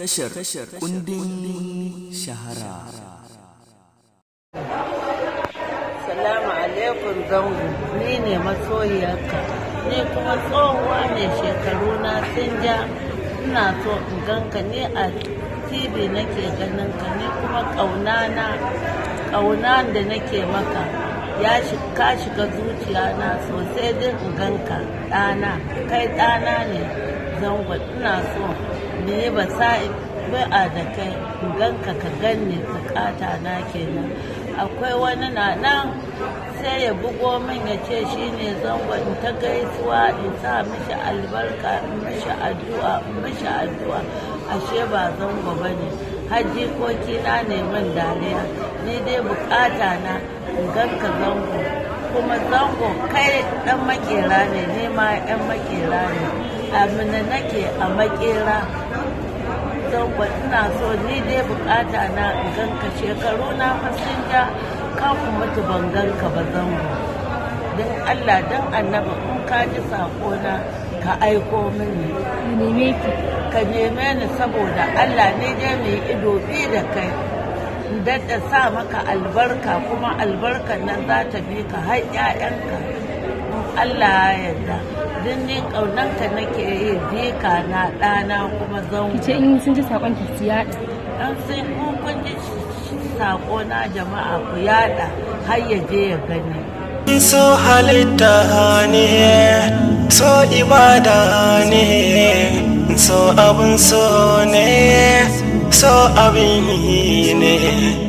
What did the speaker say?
tashar kundin shahara salamu alaikum zango ni ne masoyiyarka ni kuma tsohuwa mai shekaru na sun ja ina so in ganka ni a tv nake ganin ka ni kuma ƙauna da nake maka ya ka shiga zuciya na sosai din in ganka ɗana kai ɗana ne zango ina so ne ba sa'in ba'a da kai ganka ka ganni bukata na kenan akwai wani na nan sai ya bugo min ya ce shi ne zango in ta gaisuwa in sa mishi albarka in mishi addu'a in mishi addu'a ashe ba zango ba ne har jikoki na ne min dariya ni dai bukata na in ganka zango kuma zango kai dan makera ne ni ma yan makera ne amina nake a makera don ina so ni dai bukata na ganka shekaru na fasinja ka kuma mutu ban ganka ba zango don allah don annaba in ka ji na ka aiko mini ka neme ni saboda allah ne dai mai ido bi da kai daɗa sa maka albarka kuma albarkan nan za ta bi ka har 'ya'yanka Allah ya yarda don ne ƙaunanka nake yi jika na ɗana kuma zan kice in sun ji saƙon ki su yaɗa Dan sai kun kun ji saƙo na jama'a ku yaɗa har ya je ya gani so halitta ne so ibada ne so abin so ne so abin ne